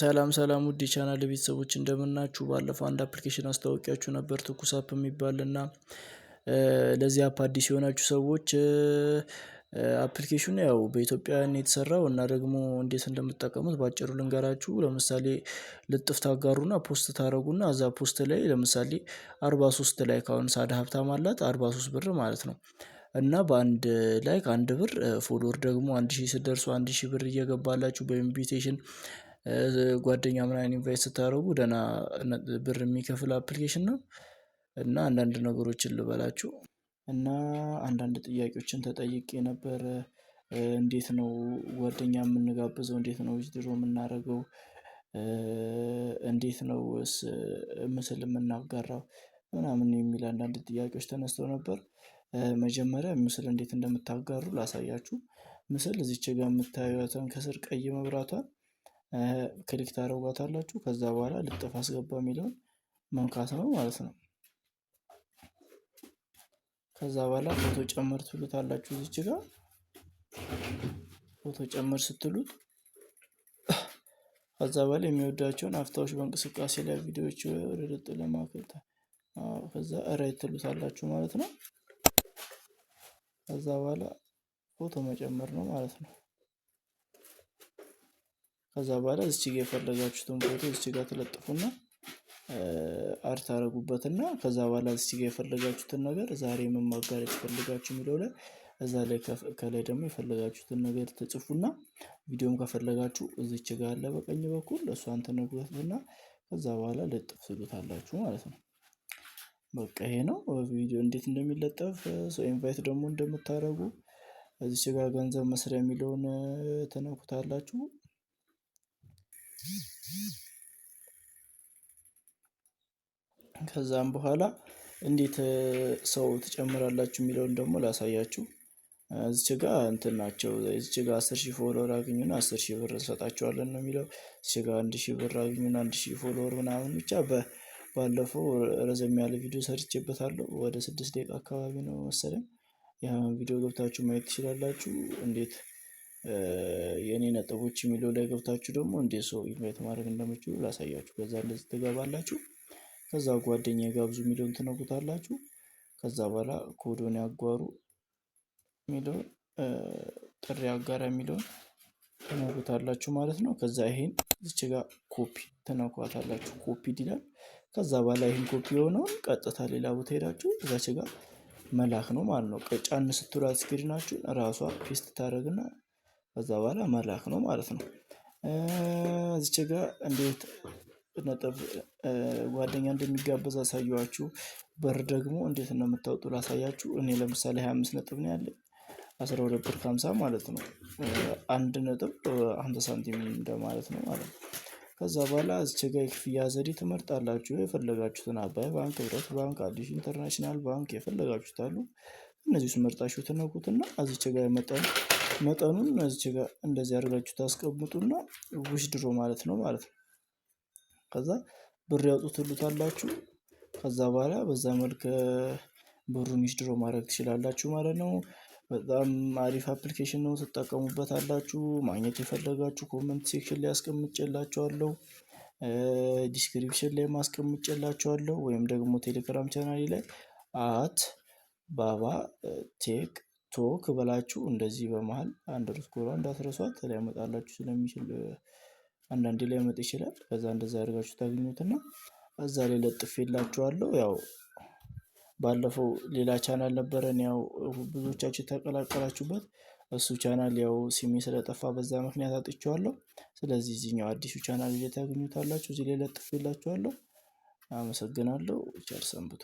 ሰላም ሰላም ውድ የቻናል ቤተሰቦች እንደምናችሁ። ባለፈው አንድ አፕሊኬሽን አስታወቂያችሁ ነበር ትኩስ አፕ የሚባል እና ለዚህ አፕ አዲስ የሆናችሁ ሰዎች አፕሊኬሽኑ ያው በኢትዮጵያን የተሰራው እና ደግሞ እንዴት እንደምጠቀሙት በአጭሩ ልንገራችሁ። ለምሳሌ ልጥፍ ታጋሩና ፖስት ታደረጉና እዛ ፖስት ላይ ለምሳሌ አርባ ሶስት ላይ ካሁን ሳደ ሀብታም አላት አርባ ሶስት ብር ማለት ነው እና በአንድ ላይክ አንድ ብር ፎሎወር ደግሞ አንድ ሺህ ስደርሱ አንድ ሺህ ብር እየገባላችሁ በኢንቪቴሽን ጓደኛ ምናምን ኢንቫይት ስታደርጉ ደህና ብር የሚከፍል አፕሊኬሽን ነው። እና አንዳንድ ነገሮችን ልበላችሁ እና አንዳንድ ጥያቄዎችን ተጠይቄ ነበረ። እንዴት ነው ጓደኛ የምንጋብዘው እንዴት ነው ዊዝድሮ የምናደርገው? እንዴት ነው ምስል የምናጋራው ምናምን የሚል አንዳንድ ጥያቄዎች ተነስተው ነበር። መጀመሪያ ምስል እንዴት እንደምታጋሩ ላሳያችሁ ምስል እዚች ጋር የምታዩትን ከስር ቀይ መብራቷን ክሊክ ታደርጓታላችሁ። ከዛ በኋላ ልጥፍ አስገባ የሚለውን መንካት ነው ማለት ነው። ከዛ በኋላ ፎቶ ጨምር አላችሁ። እዚች ጋር ፎቶ ጨምር ስትሉት ከዛ በኋላ የሚወዳቸውን አፍታዎች በእንቅስቃሴ ላይ ቪዲዮዎች ርድጥ ለማከታ ከዛ ትሉት አላችሁ ማለት ነው። ከዛ በኋላ ፎቶ መጨመር ነው ማለት ነው። ከዛ በኋላ እዚህ ጋር የፈለጋችሁትን ፎቶ እዚህ ጋር ትለጥፉና አርት አረጉበትና ከዛ በኋላ እዚህ ጋ የፈለጋችሁትን ነገር ዛሬ ምን ማጋለጥ ይፈልጋችሁ የሚለው ላይ እዛ ላይ ከላይ ደግሞ የፈለጋችሁትን ነገር ተጽፉና ቪዲዮም ከፈለጋችሁ እዚች ጋ አለ በቀኝ በኩል እሷን ትነግሩትና ከዛ በኋላ ልጥፍ ስሉታላችሁ ማለት ነው። በቃ ይሄ ነው ቪዲዮ እንዴት እንደሚለጠፍ ሰው ኢንቫይት ደግሞ እንደምታደርጉ እዚች ጋር ገንዘብ መስሪያ የሚለውን ትነኩታላችሁ። ከዛም በኋላ እንዴት ሰው ትጨምራላችሁ የሚለውን ደግሞ ላሳያችሁ። እዚች ጋ እንትን ናቸው። እዚች ጋ አስር ሺህ ፎሎወር አግኙና አስር ሺህ ብር እንሰጣችኋለን ነው የሚለው። እዚች ጋ አንድ ሺህ ብር አግኙና አንድ ሺህ ፎሎወር ምናምን ብቻ ባለፈው ረዘም ያለ ቪዲዮ ሰርቼበታለሁ። ወደ ስድስት ደቂቃ አካባቢ ነው መሰለኝ። ያ ቪዲዮ ገብታችሁ ማየት ትችላላችሁ እንዴት የኔ ነጥቦች የሚለው ላይ ገብታችሁ ደግሞ እንዴት ሰው ኢንቫይት ማድረግ እንደምችሉ ላሳያችሁ። ከዛ እንደዚህ ትገባላችሁ። ከዛ ጓደኛ ጋብዙ የሚለውን ትነቁታላችሁ። ከዛ በኋላ ኮዶን ያጓሩ የሚለውን ጥሪ አጋር የሚለውን ትነኩታላችሁ ማለት ነው። ከዛ ይሄን ዝች ጋ ኮፒ ትነኳታላችሁ። ኮፒ ይላል። ከዛ በኋላ ይህን ኮፒ የሆነውን ቀጥታ ሌላ ቦታ ሄዳችሁ እዛች ጋ መላክ ነው ማለት ነው። ቀጫን ስትሉ ስክሪናችሁን ራሷ ፔስት ታደረግና ከዛ በኋላ መላክ ነው ማለት ነው። እዚች ጋ እንዴት ነጥብ ጓደኛ እንደሚጋበዝ አሳየኋችሁ። ብር ደግሞ እንዴት ነው የምታወጡ ላሳያችሁ። እኔ ለምሳሌ አምስት ነጥብ ነው ያለኝ ሁለት ብር 50 ማለት ነው። አንድ ነጥብ 50 ሳንቲም እንደማለት ነው ማለት ነው። ከዛ በኋላ እዚች ጋ የክፍያ ዘዴ ትመርጣላችሁ። የፈለጋችሁትን አባይ ባንክ፣ ህብረት ባንክ፣ አዲሱ ኢንተርናሽናል ባንክ የፈለጋችሁት አሉ። እነዚህ ውስጥ መርጣችሁ ትነኩትና እዚች ጋ የመጠን መጠኑን እዚች ጋር እንደዚህ አድርጋችሁ ታስቀምጡና ውሽድሮ ማለት ነው ማለት ነው። ከዛ ብር ያውጡት ትሉታላችሁ። ከዛ በኋላ በዛ መልክ ብሩን ዊሽድሮ ማድረግ ትችላላችሁ ማለት ነው። በጣም አሪፍ አፕሊኬሽን ነው፣ ትጠቀሙበት አላችሁ። ማግኘት የፈለጋችሁ ኮመንት ሴክሽን ላይ አስቀምጬላችኋለሁ፣ ዲስክሪፕሽን ላይ ማስቀምጬላችኋለሁ፣ ወይም ደግሞ ቴሌግራም ቻናሌ ላይ አት ባባ ቴክ ቶክ ብላችሁ እንደዚህ በመሀል አንደርስኮሯ እንዳትረሷት ሊያመጣላችሁ ስለሚችል አንዳንዴ ሊያመጣ ይችላል። ከዛ እንደዛ አድርጋችሁ ታገኙትና እዛ ላይ ለጥፌላችኋለሁ። ያው ባለፈው ሌላ ቻናል ነበረን፣ ያው ብዙዎቻችሁ ተቀላቀላችሁበት። እሱ ቻናል ያው ሲሜ ስለጠፋ በዛ ምክንያት አጥቼዋለሁ። ስለዚህ እዚህኛው አዲሱ ቻናል እየታገኙታላችሁ እዚህ ላይ ለጥፌላችኋለሁ። አመሰግናለሁ። ቸር ሰንብቱ።